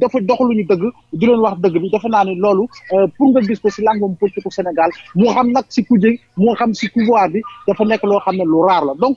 dafa doxaluñu dëgg du leen wax dëgg bi defe naa ne loolu euh, pour nga gis ko si langue politique u Sénégal mu xam nag si kuje mu xam si pouvoir bi dafa nekk loo xam ne lu raar la donc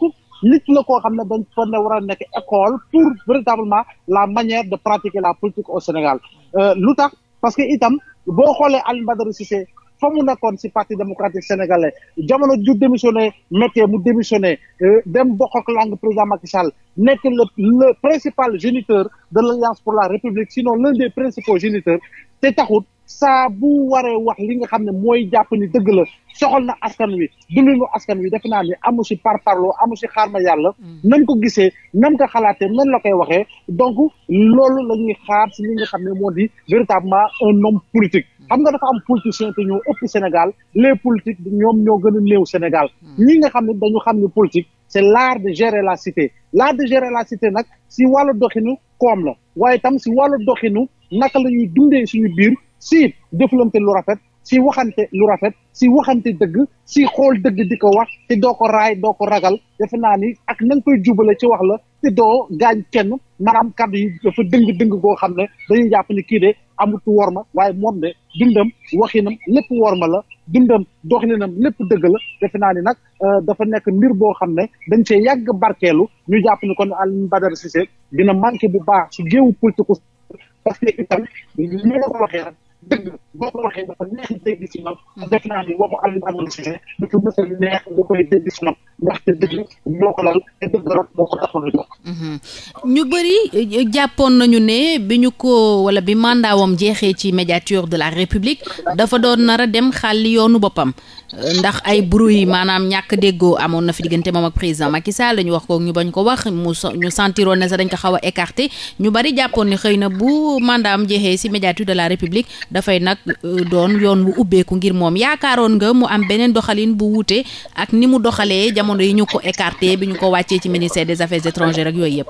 nit la koo xam ne dañ fa ne war a nekk école pour véritablement la manière de pratiquer la politique au Sénégal euh, lu tax parce que itam boo xoolee Alioune Badara Cissé fa mu nekkoon si parti démocratique sénégalais jamono ju démissionné métier mu démissionné euh, dem bokk ak langue président Macky Sall nekk le le principal géniteur de l' alliance pour la république sinon l'un des principaux géniteurs te taxut saa bu waree wax li nga xam ne mooy jàpp ni dëgg la soxal na askan wi dundinu askan wi defe naa ni amu si par parloo amu si xaar ma yàlla. Mm. nam ko gisee nam ko xalaatee nan la koy waxee donc loolu la ñuy xaar si li nga xam ne moo di véritablement un homme politique. Mm. xam nga dafa am politicien te ñoo ëpp Sénégal les politiques ñoom ñoo gën a néew Sénégal. Mm. ñi nga xam ne dañu xam ne politique c'est laar de gérer la cité l'art de gérer la cité nag si wàllu doxinu koom la waaye tam si wàllu doxinu naka la ñuy dundee suñu biir. si jëflante lu rafet si waxante lu rafet si waxante dëgg si xool dëgg di ko wax te doo ko raay doo ko ragal defe naa ni ak na koy jubale ci wax la te doo gaañ kenn maanaam kàddu yi dafa dëng-dëng goo xam ne dañuy jàpp ni kii de amut wor ma waaye moom de dundam waxinam lépp wor ma la dundam doxalinam lépp dëgg la defe naa ni nag euh, dafa nekk mbir boo xam ne dañ see yàgg barkeelu ñu jàpp ni kon Alioune Badara Cissé dina manqué bu baax si géewu politique parce que itam li ma ko waxee dëgg boo ko waxee dafa neex dégg ci nopp mm-hmm. def mm-hmm. ñu bëri euh, jàppoon nañu ne bi ñu ko wala bi mandaawam jeexee ci médiateur de la République dafa doon nar a dem xàlli yoonu boppam ndax ay bruit maanaam ñàkk déggoo amoon na fi diggante moom ak président Macky Sall ñu wax ko ñu bañ ko wax mu ñu sentiroon ne sax dañ ko xaw a écarté ñu bari jàppoon ne xëy na bu mandaam jeexee ci médiateur de la République dafay nag euh, doon yoon wu ubbeeku ngir moom yaakaaroon nga mu am beneen doxalin bu wuute ak ni mu doxalee jamono yi ñu ko écarté bi ñu ko wàccee ci ministère des affaires étrangères ak yooyu yëpp.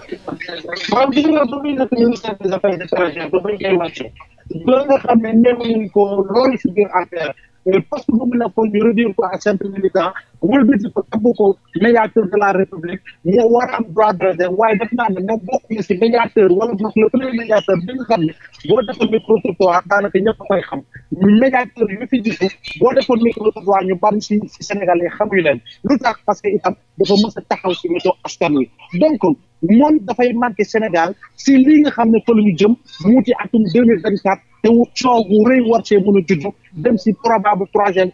waaw gis nga bu ko loolu mais poste bi la foog ñu réduire ko à simple militant wëlbati ko tabbu ko médiateur de la république moo war am droit de réserve waaye def naa moom bokk na si médiateur wala bokk le premier médiateur bi nga xam ne boo defoon micro trottoir daanaka ñëpp koy xam médiateur yu fi jiitu boo ñu ban si si Sénégal leen lu tax parce que itam dafa mës a taxaw si météo askan wi donc moom dafay manqué Sénégal si lii nga xam ne fa la ñu jëm muuti atum deux mille vingt quatre te coow wu rëy war see mën a judd dem si probable troisième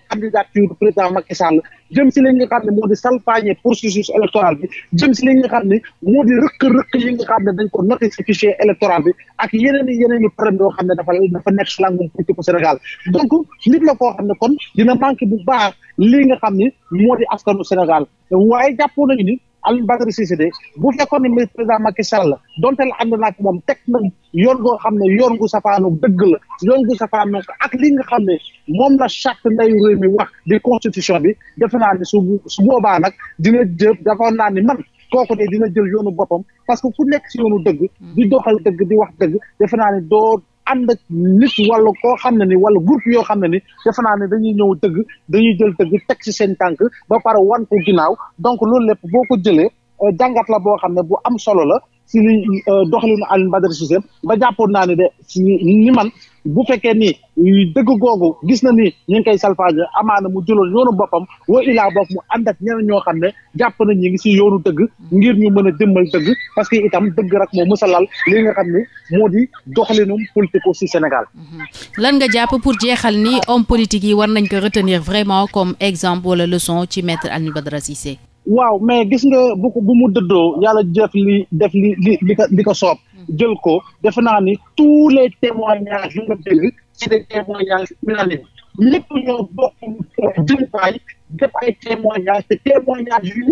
président Macky Sall jëm si li nga xam ne moo di salfaañe processus électoral bi jëm si li nga xam ne moo di rëkk-rëkk yi nga xam ne dañ ko noté si fichier bi ak yeneen i yeneen i problème yoo xam ne dafa dafa nekk si langum politique Sénégal donc nit la koo xam ne kon dina manqué bu baax li nga xam ni moo di askanu Sénégal waaye jàppoo nañu ni Alioune Badara Cissé de bu fekkoon ne ministre président Macky Sall donte la ànd naag moom teg na yoon goo xam ne yoon gu safaanoog dëgg la yoon gu safaanoog ak li nga xam ne moom la charte ndeyu réew mi wax di constitution bi defe naa ne su su boobaa nag dina jëp dafa naa ni man kooku dee dina jël yoonu boppam parce que ku nekk si yoonu dëgg di doxal dëgg di wax dëgg defe naa ne doo ànd ak nit wala koo xam ne ni wala groupe yoo xam ne ni defe naa ne dañuy ñëw tëgg dañuy jël tëgg teg ci seen tànk ba pare wan ko ginnaaw donc loolu lépp boo ko jëlee euh, jàngat la boo xam ne bu am solo la si li euh, doxalinu Alioune Badara Cissé ba jàppoon naa ne de si ni man bu fekkee ni dëgg googu gis na ni ñu ngi koy salfaaje amaana mu jëloon yoonu boppam wa ilaa bopp mu àndak ak ñeneen ñoo xam ne jàpp na ñi ngi ci yoonu dëgg ngir ñu mën a jëmmal dëgg parce que itam dëgg rek moo mësalal li nga xam ne moo di doxalinum politique si Sénégal. Mhm. lan nga jàpp pour jeexal ni homme politique yi war nañ ko retenir vraiment comme exemple wala leçon ci maître Alioune Badara Cissé. waaw mais gis nga bu bu mu dëddoo yàlla def li def li li li ko li ko soob hmm. jël ko def naa ni tous les témoignages yu nga dégg ci des témoignages unanimes lépp ñoo bokk jëmukaay def ay témoignages mu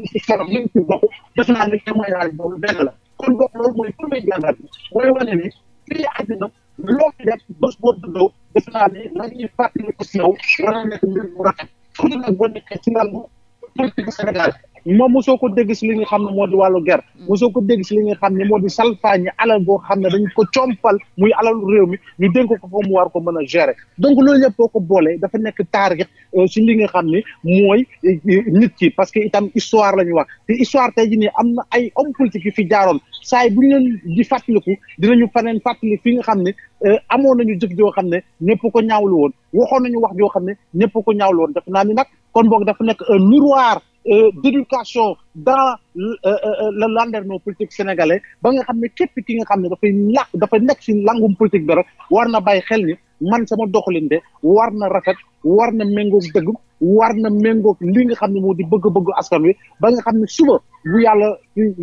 ngi si xelam naa ni témoignage boobu benn la kon bokk loolu mooy premier mooy wane ni war na nekk mbir bu rafet fu mu nekk boo nekkee ci làmb politique Sénégal moom mosoo ko dégg si li nga xam ne moo di wàllu ger mm. mosoo ko dégg si li nga xam ne moo di salfaañi alal boo xam ne dañ ko compal muy alalu réew mi ñu dénk ko fa mu war ko mën a gérer donc loolu yëpp boo ko boolee dafa nekk target euh, si li nga xam ne mooy euh, nit ki parce que itam histoire la ñu wax te histoire tey jii nii am na ay homme politique fi jaaroon saa yi bu ñu leen di fàttaliku ñu faneen fàttali fi nga xam ne euh, amoon nañu jëf joo xam ne ñëpp ko ñaawlu woon waxoon nañu wax joo xam ne ñëpp ko ñaawlu def naa ni nag kon boog dafa nekk un miroir d'éducation dans euh, euh, euh, le landerneau politique sénégalais ba nga xam ne képp ki nga xam ne dafay làkk dafa nekk si langum politique bi war na bàyyi xel ni man sama doxalin de war na rafet war na méngoog dëgg war na méngoog li nga xam ne moo di bëgg bëgg askan wi ba nga xam ne suba lu yàlla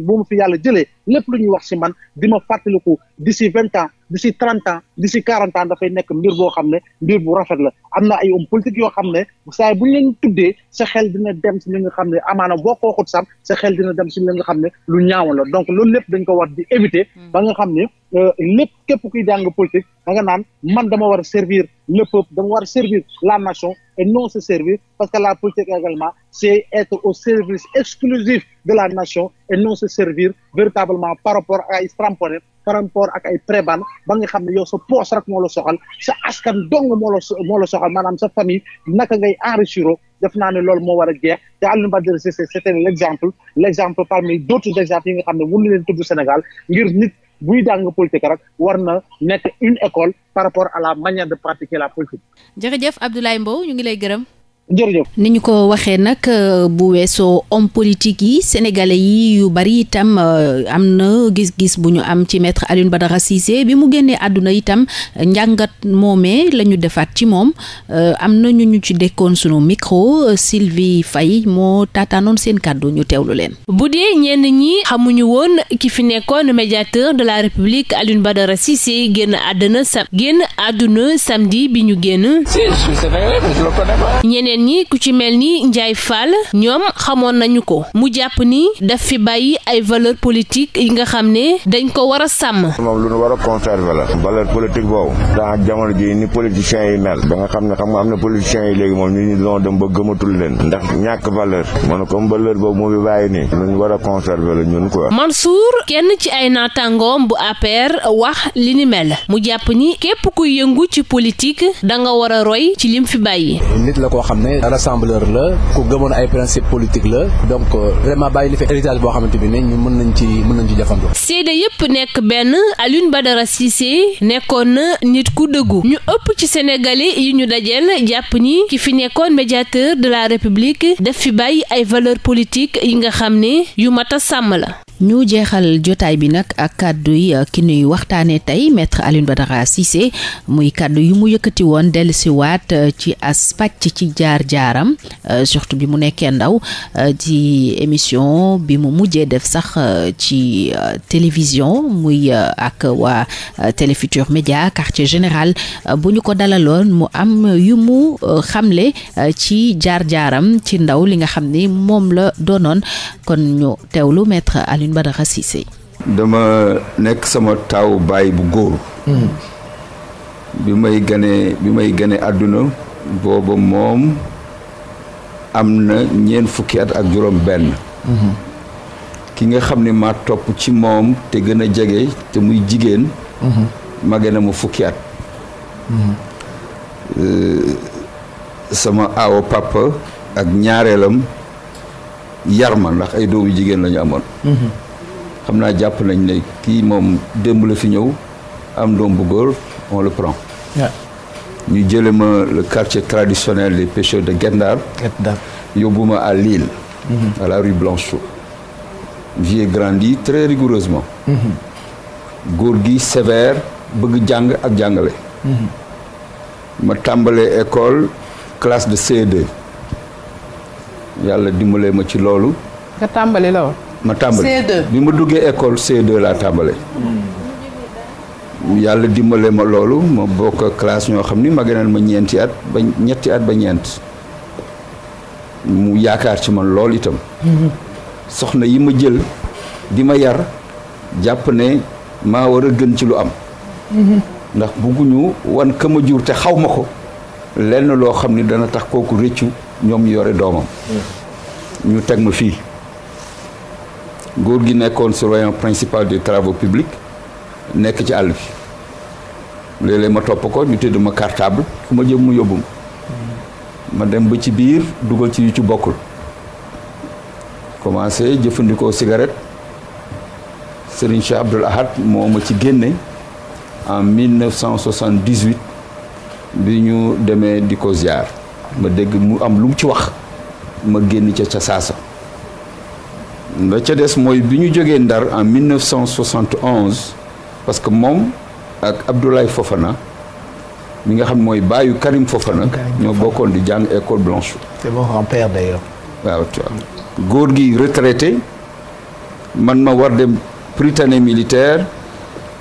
bu mu fi yàlla jëlee lépp lu ñuy wax si man di ma fàttaliku d'ici vingt ans d'ici trente di d'ici quarante ans dafay nekk mbir boo xam ne mbir bu rafet la am na ay homme politique yoo xam ne saa bu ñu leen tuddee sa xel dina dem si li nga xam ne amaana boo ko waxut sax sa xel dina dem si li nga xam ne lu ñaawoon la donc loolu lépp dañ ko war di éviter hmm. ba nga xam ne euh, lépp képp kuy jàng politique da nga naan man dama war a servir le peuple dama war servir la nation et non se servir parce que la politique également c'est être au service exclusif de la nation et non se servir véritablement par rapport ay strampone par rapport ak ay préban ba nga xam ne yow sa poche rek moo la soxal sa askan dong moo la moo la soxal maanaam sa famille naka ngay enrichiro def naa ne loolu moo war a jeex te Alioune Badara Cissé c'était l'exemple l'exemple parmi d'autres exemples yi nga xam ne wunu leen tudd Sénégal ngir nit buy jàng politique rek war na nekk une école par rapport à la manière de pratiquer la politique. jërëjëf Abdoulaye Mbow ñu ngi lay gërëm. jërëjëf ni ñu ko waxee nag euh, bu weesoo homme politique yi sénégalais yi yu bari itam euh, am na gis-gis bu ñu am ci maître Alioune Badara Cissé bi mu génnee àdduna itam njàngat moomee la ñu defaat ci moom euh, am na ñu ñu ci dekkoon sunu micro Sylvie fay moo taataanoon seen kàddu ñu teewlu leen. bu dee ñenn ñi xamuñu woon ki fi nekkoon médiateur de la république Alioune Badara Cissé génn àdduna sam génn bi ñu génn. jigéen ñi ku ci mel ni Ndiaye Fall ñoom xamoon nañu ko mu jàpp ni daf fi bàyyi ay valeur politique yi nga xam ne dañ ko war a sàmm. moom lu war a la valeur politique boobu dans jamono ji ni politiciens yi mel ba nga xam ne xam nga am na politiciens yi léegi moom ñu doon dem ba gëmatul leen ndax ñàkk valeur man comme valeur boobu moo fi bàyyi nii lu ñu war a conserver la ñun quoi. Mansour kenn ci ay naataangoom bu APR wax li ni mel mu jàpp ni képp kuy yëngu ci politique da nga a roy ci lim fi bàyyi. ne rassembleur la ku gëmoon ay principe politique la donc euh, vraiment bàyyi li fi héritage boo xamante bi ne ñu mën nañ ci mën nañ ci jafandu seede yëpp nekk benn Alioune Badara Cissé nekkoon na nit ku dëggu ñu ëpp ci sénégalais yi ñu dajeel jàpp ni ki fi nekkoon médiateur de la république daf fi bàyyi ay valeur politiques yi nga xam ne yu mat a sàmm la ñu jeexal jotaay bi nag ak kàddu yi uh, ki nuy waxtaanee tey maître Alioune Badara Cissé muy kàddu yu mu yëkkati woon si waat uh, ci as pàcc ci jaar-jaaram uh, surtout bi mu nekkee ndaw ci émission bi mu mujjee def sax ci télévision muy ak waa Télé Futurs média quartier général bu ñu ko dalaloon mu am yu mu xamle ci jaar-jaaram ci ndaw li nga xam ni moom la doonoon kon ñu teewlu maître Alioune Alioune dama nekk sama taawu baay bu góor. Hmm. bi may gane bi may gane àdduna booba moom am na ñeent fukki at ak juróom benn hmm. ki nga xam ni ma topp ci moom te gën a jege te muy jigéen hmm. mage na ma fukki at euh, sama aawo papa ak ñaareelam yar ma ndax ay doomu jigéen lañu ñu amoon mhm. xam naa jàpp nañ ne kii moom démb la fi ñëw am doom bu góor on le prend ñu jële ma le quartier traditionnel des pêcheurs de Guet-Ndar yóbbu ma à Lille mhm. à la rue Blanchot j'y grandi très rigoureusement mhm. góor gi sévère bëgg jàng ak jàngale ma tàmbale école classe de ce yàlla dimbalee ma ci loolu. nga tàmbali la woon. ma tàmbali C2 bi ma duggee école C2 laa tàmbale. yàlla dimbale ma loolu ma bokk classe ñoo xam ni ma gënal ma ñeenti at ba ñetti at ba ñeent mu yaakaar ci man lool itam. soxna yi ma jël di ma yar jàpp ne maa war a gën ci lu am. ndax bugguñu wan ka ma jur te xaw ma ko lenn loo xam ni dana tax kooku rëccu. ñoom yore doomam mm. ñu teg ma fii góor gi nekkoon surveillant principal des travaux publics nekk ci àll bi léeg-léeg ma topp ko ñu tëdd ma cartable fu ma jëm mu yóbbu mm. ma dem ba ci biir dugal ci yu ci bokkul commencé jëfandikoo cigarette Serigne Cheikh Abdoul Ahad moo ma ci génne en 1978 bi ñu demee di ko ziar ma dégg mu am lu mu ci wax ma génn ca ca saasa la ca des mooy bi ñu jógee Ndar en 1971 parce que moom ak Abdoulaye Fofana mi nga xam mooy baayu Karim Fofana ñoo bokkoon di jàng école blanche. c'est mon grand-père d'ailleurs. waaw góor gi retraité man ma war dem prytanée militaire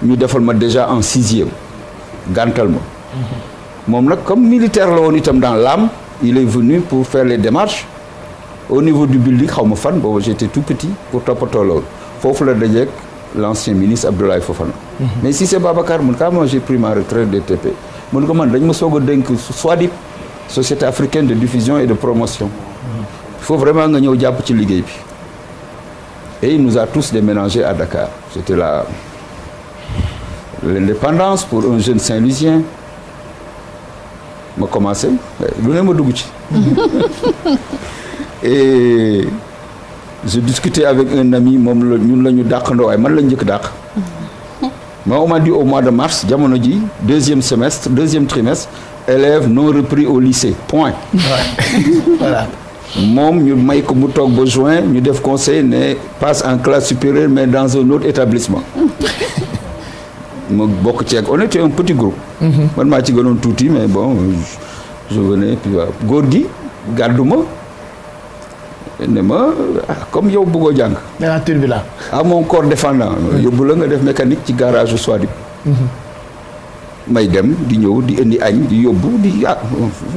ñu defal ma déjà en sixième gàntal ma. Mm-hmm. moom nag comme militaire la woon itam dans l'âme il est venu pour faire les démarches au niveau du building xaw ma fan boobu j'étais tout petit pour toppatoo loolu foofu la dajeek l'ancien ministre Abdoulaye Fofana mm mais si c'est Babacar mun kaa moi j'ai pris ma retraite des TP mun ko man dañ ma soog a dénk SOADIP société africaine de diffusion et de promotion il faut vraiment nga ñëw jàpp ci liggéey bi et il nous a tous déménagés à Dakar j'étais là l'indépendance pour un jeune Saint-Louisien ma commencé lu ma dugg ci et je discutais avec un ami moom la ñun la ñu dàqandoo man la njëkk dàq ma on m'a dit au mois de mars jamono ji deuxième semestre deuxième trimestre élèves non repris au lycée point voilà moom ñu may ko mu toog ba juin ñu def conseil ne passe en classe supérieure mais dans un autre établissement ma bokk ci ak on était un petit groupe. Mhm. man maa ci gënoon tuuti mais bon ma ne ma ah, comme yow bëggoo jàng. danaa tur bi laa. ah mon corps mhm. yóbbu la nga def mécanique ci garage su Soadib. Mhm. may dem di ñëw di indi añ di yóbbu di ah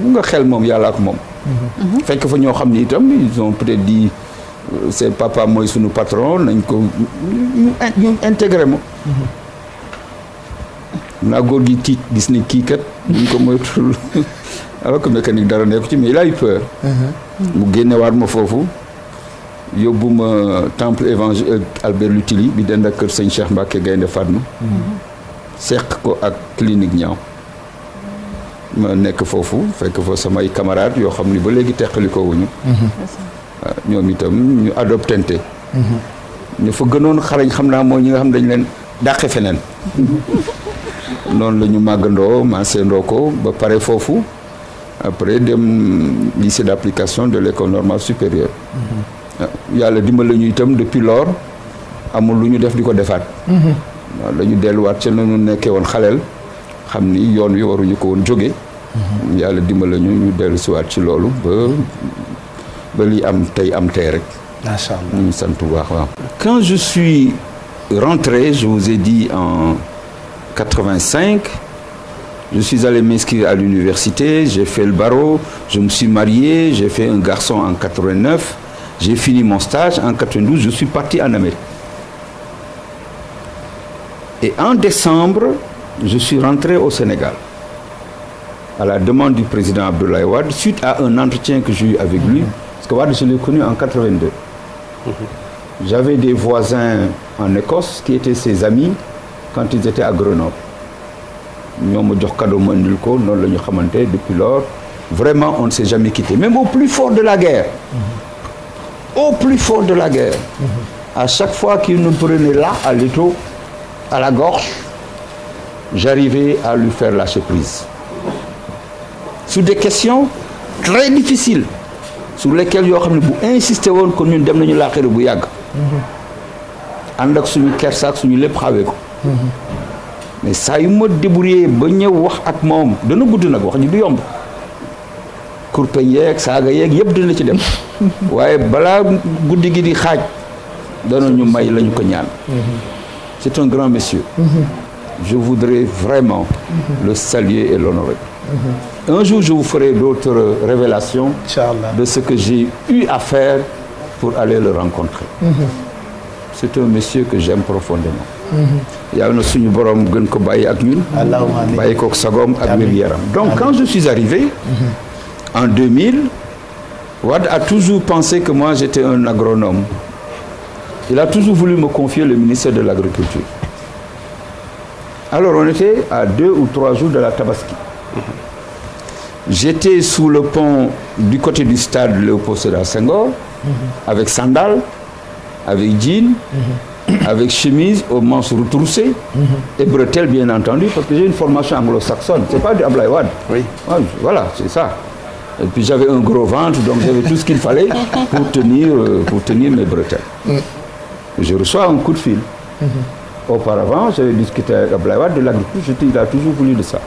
nga xel moom yàlla ak moom. fekk fa ñoo xam ni itam ils ont peut-être dit euh, c'est papa mooy sunu patron nañ ko ñu intégré ma. naa góor gi tiit gis ni kii kat buñ ko moytul alors que mécanique dara nekku ci mais il a peur uh-huh. mu génnewaat ma foofu yóbbu ma temple évangile euh, Albert Lutili bi dend ak kër sëñ Cheikh Mbacke Gaynde Fatma uh-huh. seq ko ak clinique ñaaw ma nekk foofu fekk fa samay camarades yoo xam ni ba léegi teqali ko wuñu uh-huh. ah, ñoom itam ñu adoptante ñu fa gënoon xarañ xam naa mooy ñi nga xam dañ leen dàqe feneen noonu la ñu màggandoo maasandoo ko ba pare foofu après dem lycée d'application de l'école normale supérieure mm-hmm. yàlla dimbali ñu itam depuis lors amul lu ñu def di ko defaat mm-hmm. waaw la ñu delluwaat ca nañu nekkee woon xaleel xam ni yoon wi waruñu ko woon jóge mm-hmm. yàlla dimbali ñu ñu dellu siwaat ci loolu ba ba li am tey am tey rek macha allah ñu sant bu baax quand je suis rentré je vous ai dit en 85, je suis allé m'inscrire à l'université, j'ai fait le barreau, je me suis marié, en 89, j'ai fini mon stage en Et en décembre, je suis au Sénégal à demande du président Abdoulaye Wade suite à un entretien que j'ai en 82. Mhm. des voisins en quand ils étaient à Grenoble ñoo ma jox cadeau ma indil noonu la ñu xamante depuis lors vraiment on ne s'est jamais quitté même au plus fort de la guerre au plus fort de la guerre à chaque fois qu'il nous prenait là à l'étau à la gorge j'arrivais à lui faire lâcher prise sur des questions très difficiles sur lesquelles yoo xam ne bu insister woon kon ñun dem nañu la bu yàgg ànd ak suñu kersaak suñu lépp xawee ko mais saa yu ma débrouillé ba ñëw wax ak moom dana gudd nag wax ji du yomb kurpeñ saa saaga yeeg yëpp dina ci dem waaye balaa guddi gi di xaaj dana ñu may la ko ñaan mm-hmm. c'est un grand monsieur mm-hmm. je voudrais vraiment mm-hmm. le saluer et l'honorer un jour je vous ferai d'autres euh, révélations de ce que j'ai eu à faire pour aller le rencontrer c'est un monsieur que j'aime profondément Mm-hmm. yàlla na suñu borom gën ko bàyyi ak ñun bàyyi kook sagoom ak wér yaram donc quand je suis arrivé mm-hmm. en 2000 a toujours pensé que moi j'étais un agronome il a toujours voulu me confier le ministère de l'agriculture alors on à deux ou trois jours de la Tabaski mm-hmm. j'étais sous le pont du côté du stade Léopold Sédar Senghor avec sandales avec jeans avec chemise aux manches retroussées et bretelles bien entendu parce que j'ai une formation anglo-saxonne c'est pas du Ablaye Wade oui voilà c'est ça et puis j'avais un gros ventre donc j'avais tout ce qu'il fallait pour tenir euh, pour tenir mes bretelles je reçois un coup de fil auparavant j'avais discuté avec Ablaye Wade de l'agriculture il a toujours voulu de ça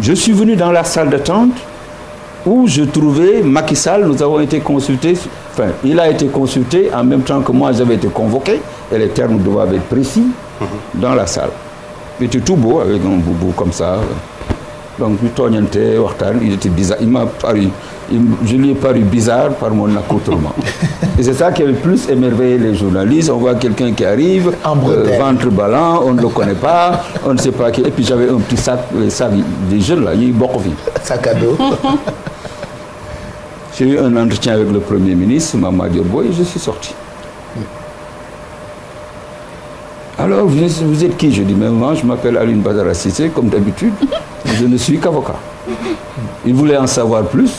je suis venu dans la salle d'attente où je trouvais Macky Sall, nous avons été consultés, enfin, il a été consulté en même temps que moi j'avais été convoqué, et les termes doivent être précis, mmh. dans la salle. Il était tout beau, avec un boubou comme ça. Donc, il était bizarre. Il m'a paru, il, je lui ai paru bizarre par mon accoutrement. et c'est ça qui avait plus émerveillé les journalistes. On voit quelqu'un qui arrive, euh, ventre ballant, on ne le connaît pas, on ne sait pas qui. Et puis j'avais un petit sac, les euh, sacs des jeunes là, il y a eu beaucoup Sac à dos. J'ai eu un entretien avec le Premier ministre, Mama Diorbo, et je suis sorti. Alors, vous êtes, vous êtes qui Je dis, mais moi, je m'appelle Aline Badara Cissé, comme d'habitude, je ne suis qu'avocat. Il voulait en savoir plus,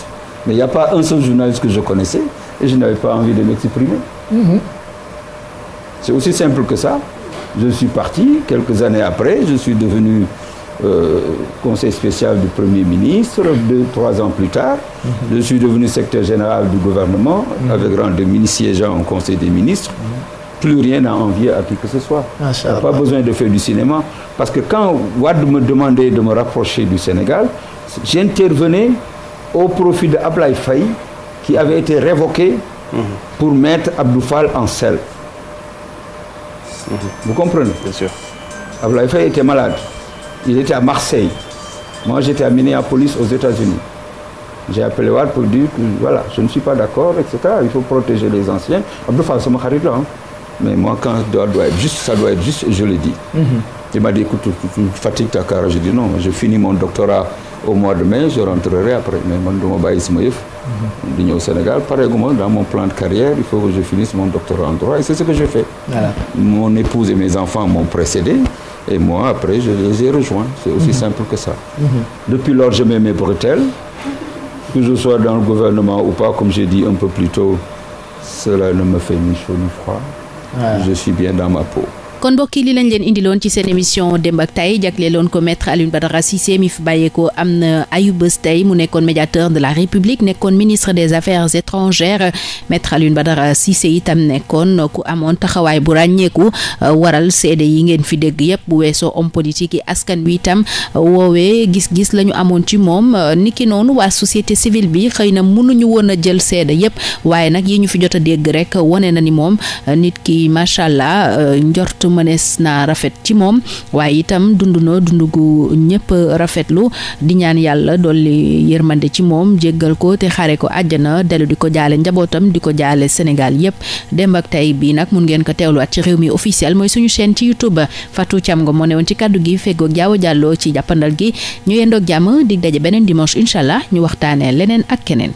mais il n'y a pas un seul journaliste que je connaissais, et je n'avais pas envie de m'exprimer. Mm -hmm. C'est aussi simple que ça. Je suis parti, quelques années après, je suis devenu euh, conseil spécial du Premier ministre. Deux, trois ans plus tard, mm -hmm. je suis devenu secrétaire général du gouvernement, mm -hmm. avec mhm. rang de mini-siégeant au conseil des ministres. Mm -hmm. Plus rien à envier à qui que ce soit. Ah, pas besoin de faire du cinéma. Parce que quand Wad me demandait de me rapprocher du Sénégal, j'intervenais au profit de Ablaï Faye, qui avait été révoqué mhm. pour mettre Abdou Fall en selle. Mhm. Vous comprenez Bien sûr. Ablaï Faye était malade. Il était à Marseille. Moi, j'étais à Minneapolis, aux États-Unis. J'ai appelé Ward pour dire que voilà, je ne suis pas d'accord, etc. Il faut protéger les anciens. Abdou Fall, c'est mon là. Mais moi, quand ça doit être juste, ça doit être juste, je le dis. Mm -hmm. Il m'a dit, écoute, tu, tu, tu fatigues ta carrière. J'ai dit non, je finis mon doctorat au mois de mai, je rentrerai après. Mais moi, je vais au Sénégal. Pareil, dans mon plan de carrière, il faut que je finisse mon doctorat en droit. Et c'est ce que je fais. Voilà. Mon épouse et mes enfants m'ont précédé. Et moi, après, je les ai rejoints. C'est aussi mmh. simple que ça. Mmh. Depuis lors, je mets mes bretelles. Que je sois dans le gouvernement ou pas, comme j'ai dit un peu plus tôt, cela ne me fait ni chaud ni froid. Ouais. Je suis bien dans ma peau. kon mbokk yi li lañ leen indiloon ci seen émission démb ak tay jagleeloon ko maître Alioune Badara Cissé mi fi bàyyeekoo am na ayubés tey mu nekkoon médiateur de la République nekkoon ministre des affaires étrangères maître ba dara Cissé itam nekkoon ku amoon taxawaay bu ràññeeku euh, waral seede yi ngeen fi dégg yëpp bu weesoo homme politique yi askan wi itam euh, woowee gis-gis la ñu amoon ci moom euh, niki noonu waa société civile bi xëy na mënuñu woon a jël seede yëpp waaye nag yi ñu fi jot dégg rek wane na ni moom nit ki macha allah njort mënees na rafet ci moom waaye itam dund na dund gu ñëpp rafetlu di ñaan yàlla dolli yërmande ci moom jéggal ko te xare ko àjjana dellu di ko jaale njabootam di ko jaale Sénégal yëpp démb ak tey bii nag mun ngeen ko teewluwaat ci réew mi officiel mooy suñu chaîne ci YouTube Fatou Thiam Ngom moo ne woon ci kàddu gi feggoog jaaw jàlloo ci jàppandal gi ñu yendoog jàmm di daje beneen dimanche incha allah ñu waxtaanee leneen ak keneen